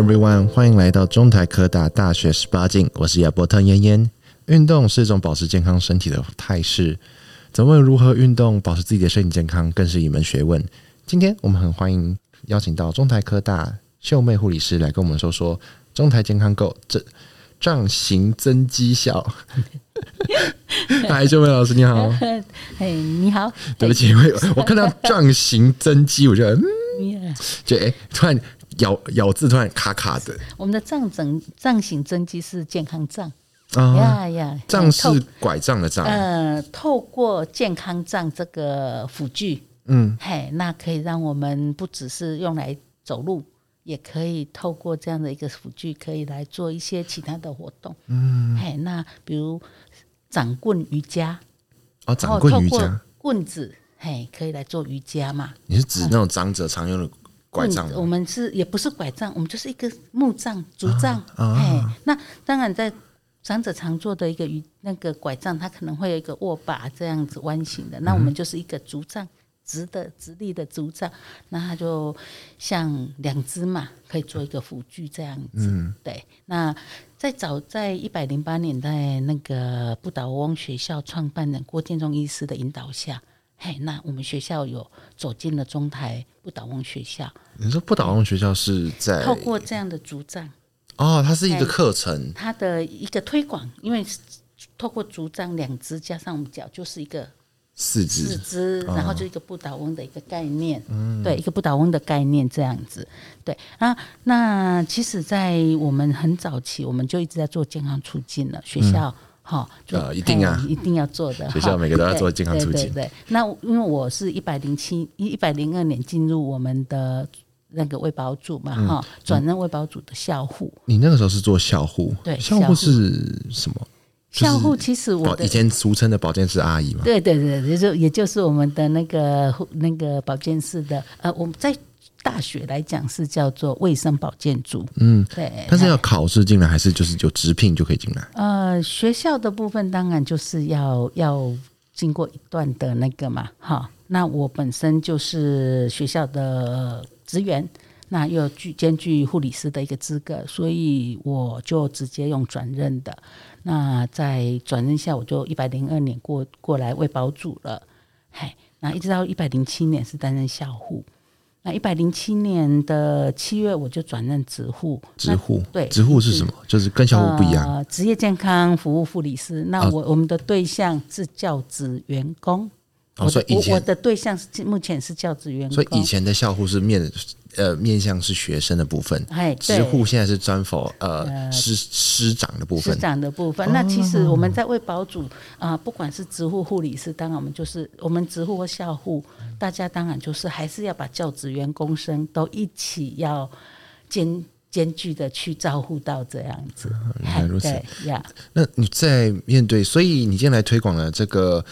Everyone，歡迎來到中台科大大學十八鏡，我是亞伯特燕燕。運動是一種保持健康身體的態勢，怎麼如何運動保持自己的身體健康更是一門學問。今天我們很歡迎邀請到中台科大秀眉護理師來跟我們說說中台健康 GO。這壯形增肌效。嗨， 秀眉老師你好。嘿，你好。Hey, 你好 hey, 對不起， 因為我看到壯形增肌，我覺得嗯，Yeah. 就哎，突然。咬咬字突然卡卡的。我們的杖整杖型整機是健康杖，呀呀、啊，杖 Yeah, yeah, 是拐杖的杖透。嗯、呃，透過健康杖這個輔具，嗯，嘿，那可以讓我們不只是用來走路，也可以透過這樣的一個輔具，可以來做一些其他的活動。嗯，嘿，那比如長棍瑜伽，哦、啊，長棍瑜伽，棍子，嘿，可以來做瑜伽嘛？你是指那種長者常用的？嗯拐杖，嗯，我們是也不是拐杖，我們就是一個木杖、竹杖。哎、啊啊，那當然在長者常坐的一個那個拐杖，它可能會有一個握把這樣子彎形的。那我們就是一個竹杖，直的、直立的竹杖。那它就像兩支嘛，可以做一個輔具這樣子。嗯、對。那在早在一百零八年代，那個不倒翁學校創辦人郭建忠醫師的引導下。嘿，hey, 那我們學校有走進了中台不倒翁學校。你說不倒翁學校是在透過這樣的竹杖？哦，它是一個課程，它的一個推廣，因為透過竹杖兩支加上我們腳就是一個四支，四支，然後就一個不倒翁的一個概念。嗯，對，一個不倒翁的概念這樣子。對啊，那其實，在我們很早期，我們就一直在做健康促進的學校。好，哦、就呃，一定啊、欸，一定要做的。學校每個都要做健康促進。對，那因為我是一百零七一一百零二年進入我們的那個衛保組嘛，哈、嗯，轉、嗯、任衛保組的校護。你那個時候是做校護？對，校護是什麼？就是、校護其實我以前俗稱的保健室阿姨嘛。對對對，也就也就是我們的那個護，那個保健室的，呃，我們在。大學來講是叫做衛生保健組，嗯，對，但是要考試進來還是就是就直聘就可以進來、嗯。呃，學校的部分當然就是要要經過一段的那個嘛，哈。那我本身就是學校的職員，那又具兼具護理師的一個資格，所以我就直接用轉任的。那在轉任下，我就一百零二年過過來衛保組了，嗨，那一直到一百零七年是擔任校護。那一百零七年的七月，我就轉任職護。職護？對，職護是什麼？就是跟校護不一樣、呃。職業健康服務護理師。那我、哦、我，我們的對象是教職員工。哦、以，以前我，我的對象是目前是教職員工。所以以前的校護是面呃面向是學生的部分。哎，職護現在是專佛呃，呃師師長的部分。師長的部分。部分哦、那其實我們在為保主啊、呃，不管是職護護理師，當然我們就是我們職護和校護。大家當然就是還是要把教職員工生都一起要兼兼具的去照顧到這樣子。啊、如此呀。對 Yeah. 那你在面對，所以你今天來推廣了這個。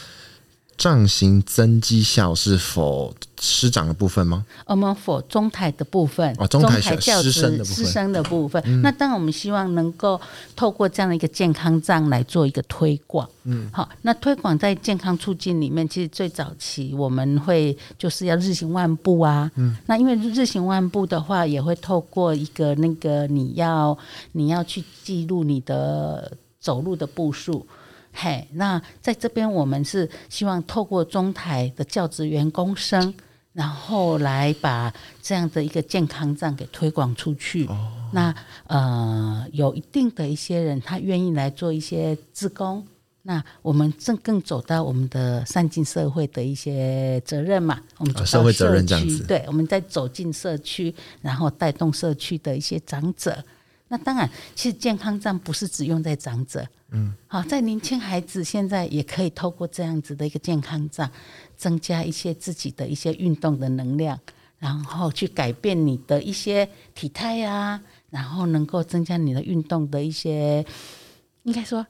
杖型增肌效是否師長的部分嗎？我們否中台的部分、oh, 中台學中台教職、師生的部分。部分嗯、那當然，我們希望能夠透過這樣的一個健康杖來做一個推廣。嗯，好，那推廣在健康促進裡面，其實最早期我們會就是要日行萬步啊。嗯，那因為日行萬步的話，也會透過一個那個你要你要去記錄你的走路的步數。嘿，hey, 那在這邊我們是希望透過中台的教職員工生，然後來把這樣的一個健走杖給推廣出去。oh. 那。那呃，有一定的一些人他願意來做一些志工，那我們正更走到我們的善盡社會的一些責任嘛。我們社、哦、社會責任這樣子，對，我們在走進社區，然後帶動社區的一些長者。那當然，其實健康杖不是只用在長者，嗯，好，在年輕孩子現在也可以透過這樣子的一個健康杖，增加一些自己的一些運動的能量，然後去改變你的一些體態啊，然後能夠增加你的運動的一些，應該說，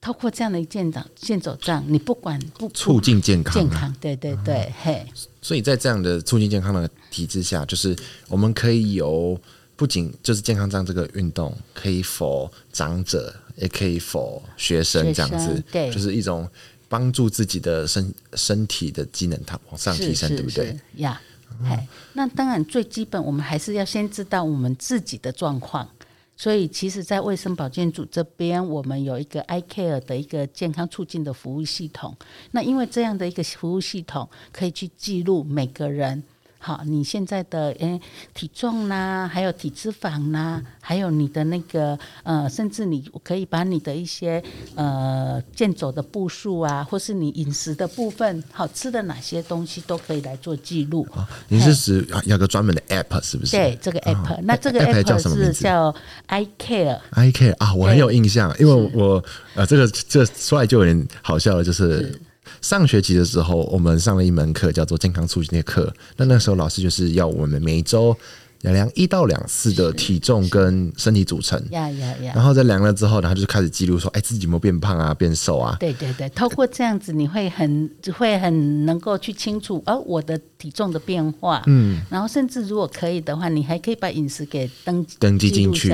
透過這樣的健長健走杖，你不管不促進健康，健康、啊，對對對，嗯、嘿，所以在這樣的促進健康的體制下，就是我們可以有。不僅就是健康站這，這個運動可以 for 長者，也可以 for 學生這樣子，對，就是一種幫助自己的身身體的機能它往上提升，是是是對不對？呀、嗯，那當然最基本，我們還是要先知道我們自己的狀況。所以，其實，在衛生保健組這邊，我們有一個 iCare 的一個健康促進的服務系統。那因為這樣的一個服務系統，可以去記錄每個人。好，你現在的誒、欸、體重吶、啊，還有體脂肪吶、啊，嗯、還有你的那個呃，甚至你可以把你的一些呃健走的步數啊，或是你飲食的部分，好吃的哪些東西都可以來做記錄、哦、你是指嘿有個專門的 app 是不是？對，這個 app，、哦、那這個 app,、啊、app 叫什麼名字？是叫 iCare，iCare 啊，我很有印象，嘿因為我啊、呃，這個這說、個、來就有點好笑就是。是上學期的時候，我們上了一門課叫做健康促進的課。那那時候老師就是要我們每週要量一到兩次的體重跟身體組成，呀呀呀！Yeah, yeah, yeah. 然後在量了之後，然後就開始記錄說：“哎、欸，自己有沒有變胖啊，變瘦啊？”對對對，透過這樣子，你會很會很能夠去清楚，哦、啊，我的體重的變化，嗯，然後甚至如果可以的話，你還可以把飲食給登記登記進去。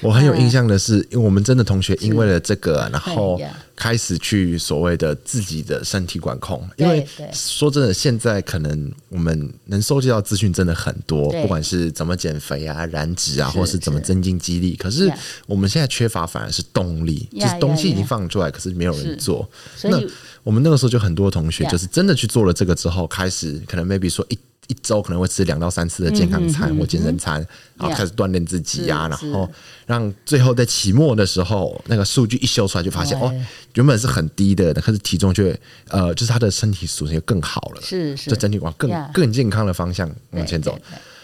我很有印象的是，啊、因為我們真的同學因為了這個、啊，然後。開始去所謂的自己的身體管控，因為說真的，現在可能我們能收集到資訊真的很多，對不管是怎麼減肥啊、燃脂啊，是或是怎麼增進肌力。是是可是我們現在缺乏反而是動力，Yeah. 就是東西已經放出來，yeah, yeah, yeah. 可是沒有人做。那我們那個時候就很多同學就是真的去做了這個之後，開始可能 maybe 說一。一週可能會吃兩到三次的健康餐或健身餐，嗯、哼然後開始鍛鍊自己呀、啊，yeah, 是然後讓最後在期末的時候，那個數據一秀出來就發現，Right. 哦，原本是很低的，但是體重卻呃，就是他的身體屬性就更好了，是，是，就整體往更 Yeah. 更健康的方向往前走。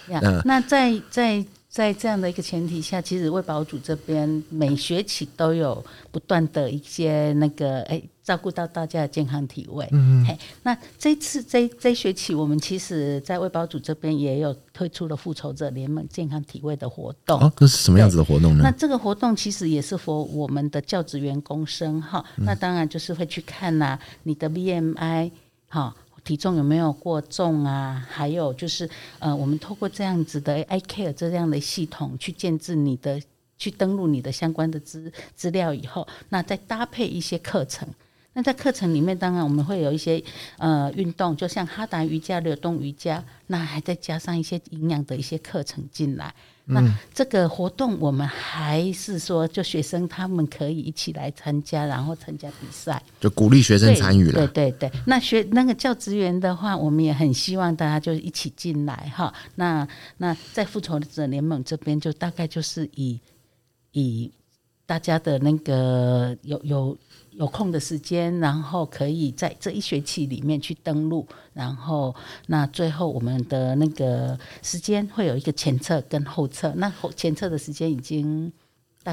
嗯，yeah. 那，那在在。在這樣的一個前提下，其實衛保組這邊每學期都有不斷的一些那個哎，照顧到大家的健康體位。嗯嗯哼、哎。那這一次這這一學期，我們其實在衛保組這邊也有推出了復仇者聯盟健康體位的活動。啊、哦，這是什麼樣子的活動呢？那這個活動其實也是 for 我們的教職員工生哈，嗯、那當然就是會去看吶、啊、你的 BMI 哈、哦。體重有沒有過重啊？還有就是，呃，我們透過這樣子的 ICARE 這樣的系統去建置你的，去登錄你的相關的資資料以後，那再搭配一些課程。那在課程裡面，當然我們會有一些呃運動，就像哈達瑜伽、流動瑜伽，那還再加上一些營養的一些課程進來。嗯、那這個活動我們還是說，就學生他們可以一起來參加，然後參加比賽，就鼓勵學生參與了。對，對對對，那學那個教職員的話，我們也很希望大家就一起進來哈。那那在復仇者聯盟這邊，就大概就是以以大家的那個有有。有有空的時間，然後可以在這一學期裡面去登錄，然後那最後我們的那個時間會有一個前測跟後測，那後前測的時間已經。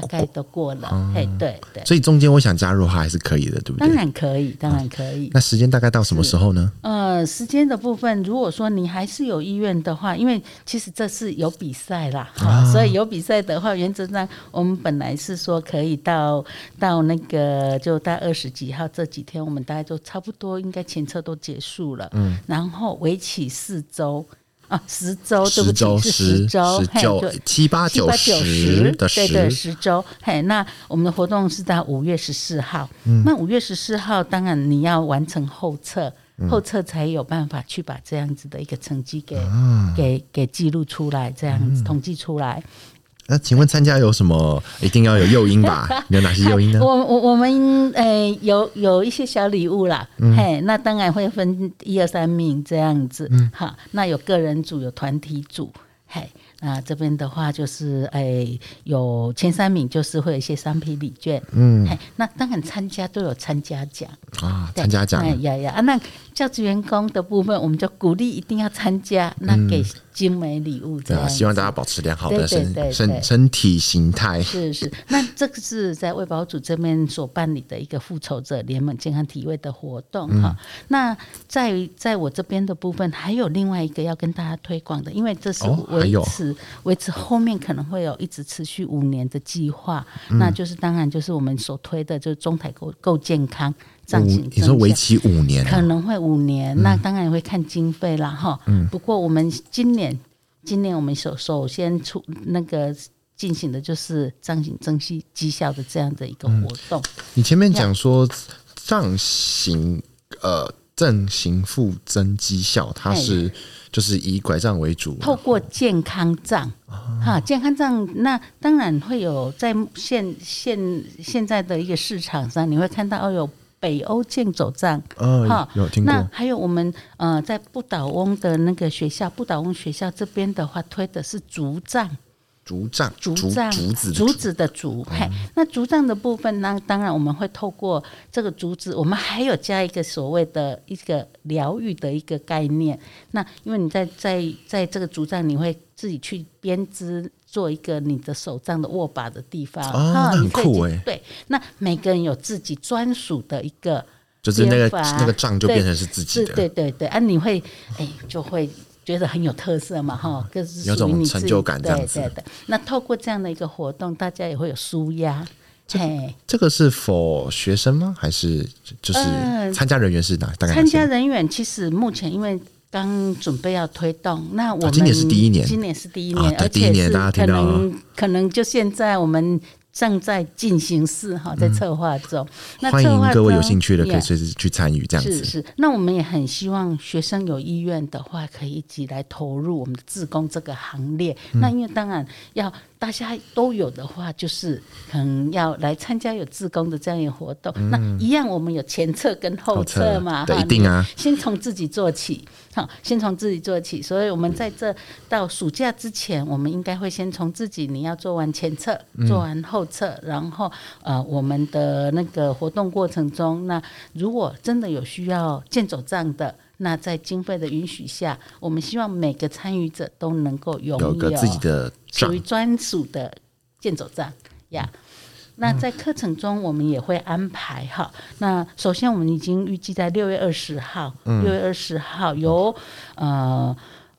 大概都過了，啊、嘿，對，對。所以中間我想加入的話還是可以的，對不對？當然可以，當然可以、嗯。那時間大概到什麼時候呢？呃，時間的部分，如果說你還是有意願的話，因為其實這是有比賽啦，哈、啊哦，所以有比賽的話，原則上我們本來是說可以到到那個就大概二十幾號這幾天，我們大概就差不多應該前車都結束了，嗯，然後為期四周。啊，十周，十周，對不起，十是十周，嘿九，嘿七八九十對十，十十對，對十周，嘿，那我們的活動是在五月十四號，嗯、那五月十四號，當然你要完成後測，嗯、後測才有辦法去把這樣子的一個成績給、嗯、給給記錄出來，這樣子、嗯、統計出來。那請問參加有什麼一定要有誘因吧？有 哪些誘因呢？啊、我我我們誒、呃，有有一些小禮物啦，嗯、嘿，那當然會分一二三名這樣子，好、嗯，那有個人組，有團體組，嘿。那、啊、這邊的話就是，哎、欸，有前三名就是會有一些商品禮券，嗯嘿，那當然參加都有參加獎啊，參對加獎、哎，哎呀呀，啊，那教職員工的部分，我們就鼓勵一定要參加，那給、個、精美禮物這樣、嗯對啊，希望大家保持良好的身身身體形態，是是。那這個是在衛保組這邊所辦理的一個復仇者聯盟健康體位的活動哈、嗯哦。那在在我這邊的部分，還有另外一個要跟大家推廣的，因為這是維持、哦。還有維持後面可能會有一直持續五年的計劃，嗯、那就是當然就是我們所推的，就是中台構構健康，漲行，你說為期五年、啊，可能會五年，嗯、那當然也會看經費啦哈。嗯、不過我們今年，今年我們首首先出那個進行的就是漲行增息績效的這樣的一個活動。嗯、你前面講說漲行呃，正行復增績效，它是。就是以拐杖為主，啊，透過健康杖，哈、哦哦，健康杖，那當然會有在現現現在的一個市場上，你會看到哦，有北歐健走杖，哈、哦，有聽過，那還有我們呃，在不倒翁的那個學校，不倒翁學校這邊的話，推的是足杖。竹杖，竹竹子，竹子的竹。嗨，嗯、那竹杖的部分呢？當然我們會透過這個竹子，我們還有加一個所謂的一個療癒的一個概念。那因為你在在在這個竹杖，你會自己去編織做一個你的手杖的握把的地方。啊、哦，哦、很酷哎、欸。對，那每個人有自己專屬的一個，就是那個那個杖就變成是自己的對。對對對對，啊、你會哎、欸、就會。覺得很有特色嘛，哈，就是有種成就感這樣子的對對對。那透過這樣的一個活動，大家也會有舒壓。對這，嘿這個是 for 學生嗎？還是就是參加人員是哪？呃、大概參加人員其實目前因為剛準備要推動，那我們今年是第一年，今年是第一年，而且是可能，大家聽到嗎？可能就現在我們。正在進行式哈，在策劃中。歡迎各位有興趣的可以隨時去參與這樣子。Yeah, 是是，那我們也很希望學生有意願的話，可以一起來投入我們的志工這個行列。嗯、那因為當然要。大家都有的話，就是可能要來參加有志工的這樣一個活動。那一樣，我們有前測跟後測嘛？對，一定啊。先從自己做起，好，先從自己做起。所以，我們在這到暑假之前，我們應該會先從自己，你要做完前測，做完後測，然後呃，我們的那個活動過程中，那如果真的有需要健走杖的。那在經費的允許下，我們希望每個參與者都能夠擁有屬於專屬的健走杖。呀、yeah.。那在課程中，我們也會安排哈。那首先，我們已經預計在六月二十號，六、嗯、月二十號由呃、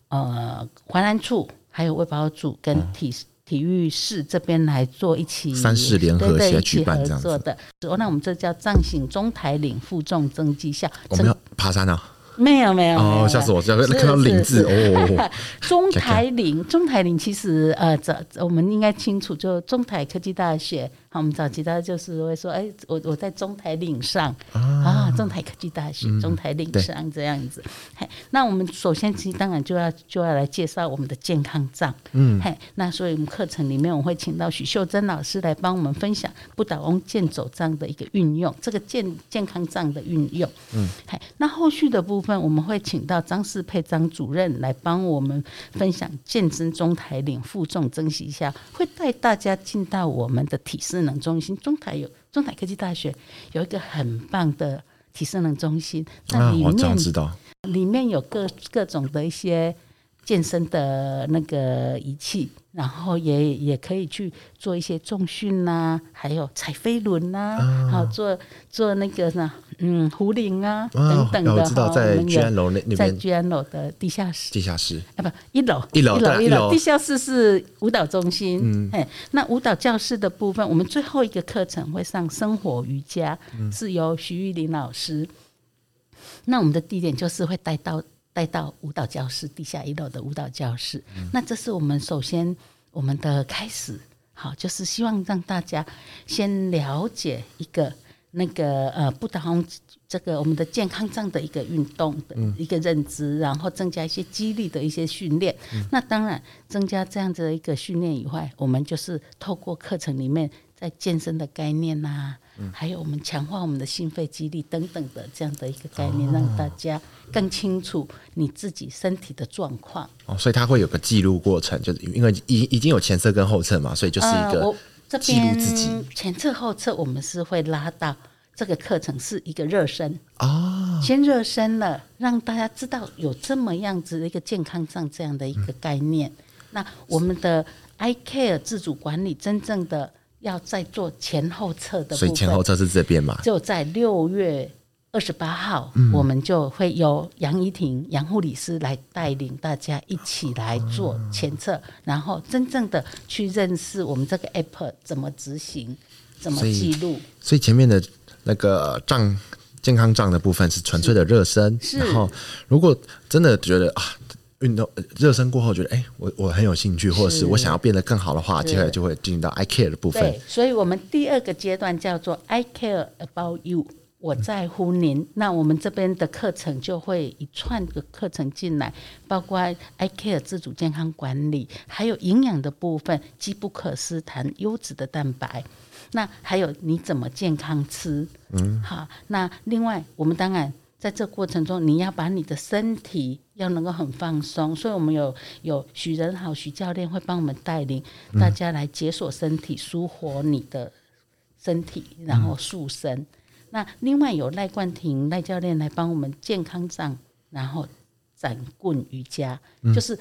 嗯嗯、呃，環、呃、安處還有衛保組跟體、嗯、體育室這邊來做一起三室聯合協辦，這樣對對對，一起合作的。那我們這叫“杖行中台嶺負重增肌效”，我們要爬山啊。沒有沒有哦，嚇死我！嚇，看到嶺字哦哦哦， 中台領，中台領其實呃，早我們應該清楚，就中台科技大學。好，我們早期大家就是會說，哎、欸，我我在中台領上啊，啊，中台科技大學，嗯、中台領上這樣子。對嘿，那我們首先其實當然就要就要來介紹我們的健康杖，嗯，嘿，那所以我們課程裡面我會請到周秀眉老師來幫我們分享不倒翁健走杖的一個運用，這個健健康杖的運用，嗯，嘿，那後續的部分。分我們會請到張世佩張主任來幫我們分享健身中台領負重珍惜一下。會帶大家進到我們的體適能中心。中台有中台科技大學有一個很棒的體適能中心，在裡面，裡面有各各種的一些健身的那個儀器。然後也也可以去做一些重訓吶，還有踩飛輪吶，還有做做那個呢，嗯，壺鈴啊等等的在居安樓的地下室，地下室啊不一樓，一樓一樓，地下室是舞蹈中心。哎，那舞蹈教室的部分，我們最後一個課程會上生活瑜伽，是由徐玉玲老師。那我們的地點就是會帶到。帶到舞蹈教室，地下一樓的舞蹈教室。嗯、那這是我們首先我們的開始，好，就是希望讓大家先了解一個那個呃，不同這個我們的健康上的一個運動的一個認知，嗯、然後增加一些肌力的一些訓練。嗯、那當然，增加這樣子的一個訓練以外，我們就是透過課程裡面在健身的概念吶、啊。嗯、還有我們強化我們的心肺肌力等等的這樣的一個概念，哦、讓大家更清楚你自己身體的狀況。哦，所以它會有個記錄過程，就是因為已已經有前測跟後測嘛，所以就是一個記錄自己、呃、前測後測，我們是會拉到這個課程是一個熱身啊，哦、先熱身了，讓大家知道有這麼樣子的一個健康上這樣的一個概念。嗯、那我們的 I Care 自主管理真正的。要在做前後測的，所以前後測是這邊嘛？就在六月二十八號，嗯、我們就會由楊怡婷楊護理師來帶領大家一起來做前測，啊、然後真正的去認識我們這個 APP 怎麼執行、怎麼記錄。所以前面的那個賬健康賬的部分是純粹的熱身，然後如果真的覺得啊。運動熱身過後，覺得誒、欸，我我很有興趣，是或是我想要變得更好的話，是接下來就會進入到 I care 的部分。所以我們第二個階段叫做 I care about you，我在乎您。嗯、那我們這邊的課程就會一串的課程進來，包括 I care 自主健康管理，還有營養的部分，機不可失，談優質的蛋白。那還有你怎麼健康吃？嗯，好。那另外，我們當然。在這過程中，你要把你的身體要能夠很放鬆，所以我們有有許仁豪，許教練會幫我們帶領大家來解鎖身體，舒活你的身體，然後塑身。那另外有賴冠廷賴教練來幫我們健康杖，然後展棍瑜伽，就是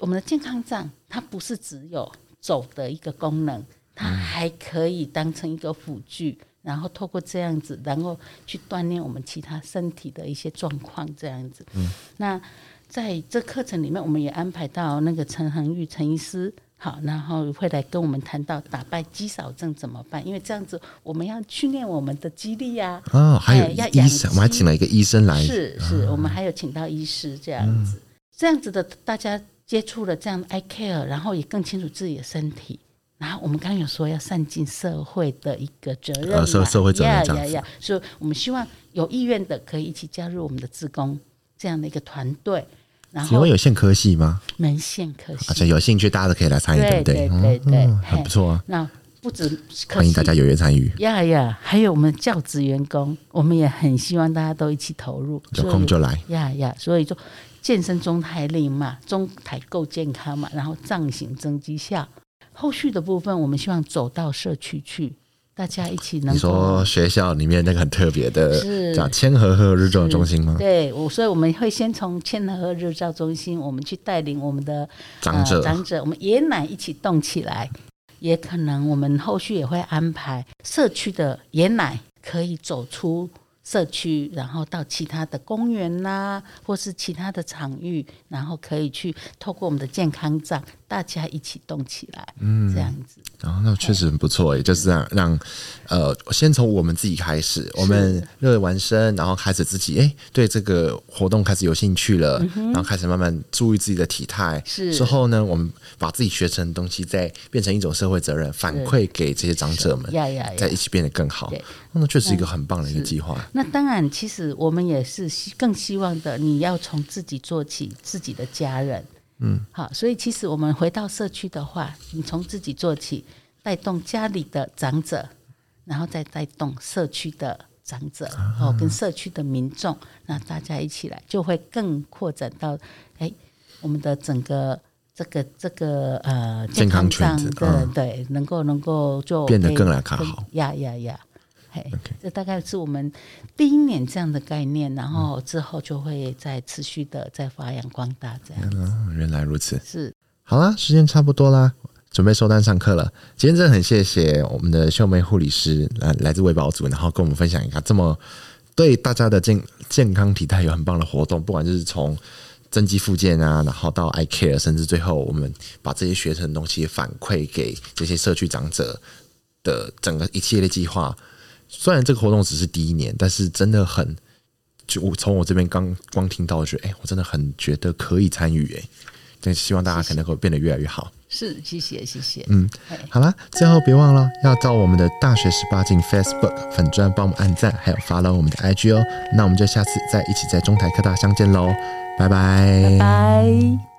我們的健康杖，它不是只有走的一個功能，它還可以當成一個輔具。然後透過這樣子，然後去鍛鍊我們其他身體的一些狀況，這樣子。嗯、那在這課程裡面，我們也安排到那個陳恆玉陳醫師，好，然後會來跟我們談到打敗肌少症怎麼辦？因為這樣子我們要訓練我們的肌力呀、啊。哦，還有醫、哎、要養醫生，我們還請了一個醫生來。是是，是啊、我們還有請到醫師這樣子，嗯、這樣子的大家接觸了這樣 ICARE，然後也更清楚自己的身體。然後我們剛剛有說要善盡社會的一個責任、啊，社、哦、社會責任這樣子。Yeah, yeah, yeah, 所以，我們希望有意願的可以一起加入我們的志工這樣的一個團隊。然後，有限科系嗎？沒限科系，而且有興趣大家都可以來參與，對對，對對？對對、嗯，很、嗯、不錯啊。那不止歡迎大家踴躍參與。呀呀，還有我們教職員工，我們也很希望大家都一起投入，有空就來。呀呀，所以做、yeah, yeah, 健身中台力嘛，中台夠健康嘛，然後藏形增績效。後續的部分，我們希望走到社區去，大家一起能夠。你說學校裡面那個很特別的，叫是千和和日照中心嗎？對，我所以我們會先從千和和日照中心，我們去帶領我們的長者、呃、長者，我們爺奶一起動起來。也可能我們後續也會安排社區的爺奶可以走出社區，然後到其他的公園吶、啊，或是其他的場域，然後可以去透過我們的健康站，大家一起動起來，嗯，這樣子。然後那確實很不錯誒，就是讓讓，呃，先從我們自己開始，我們熱完身，然後開始自己誒對這個活動開始有興趣了，然後開始慢慢注意自己的體態。是之後呢，我們把自己學成的東西，再變成一種社會責任，反饋給這些長者們，再一起變得更好。那確實是一個很棒的一個計劃。那當然，其實我們也是更希望的，你要從自己做起，自己的家人。嗯，好，所以其實我們回到社區的話，你從自己做起，帶動家裡的長者，然後再帶動社區的長者，啊、哦，跟社區的民眾，那大家一起來，就會更擴展到，哎，我們的整個這個這個呃健康圈子，圈子對，對嗯、能夠能夠做 OK, 變得更來更好，呀呀呀。Yeah, yeah, yeah. Okay, 這大概是我們第一年這樣的概念，然後之後就會再持續的再發揚光大這樣。原來如此，是好啦，時間差不多啦，準備收單上課了。今天真的很謝謝我們的秀眉護理師來來自衛保組，然後跟我們分享一下這麼對大家的健健康體態有很棒的活動，不管就是從增肌復健啊，然後到 ICARE，甚至最後我們把這些學生的東西反饋給這些社區長者的整個一系列計劃。雖然這個活動只是第一年，但是真的很，就我從我這邊剛光聽到，覺得哎、欸，我真的很覺得可以參與但那希望大家可能會變得越來越好。是，謝謝，謝謝，嗯，嘿好啦，最後別忘了要到我們的大學十八鏡 Facebook 粉專幫我們按讚，還有 follow 我們的 IG 哦、喔。那我們就下次再一起在中台科大相見嘍，拜拜，拜拜。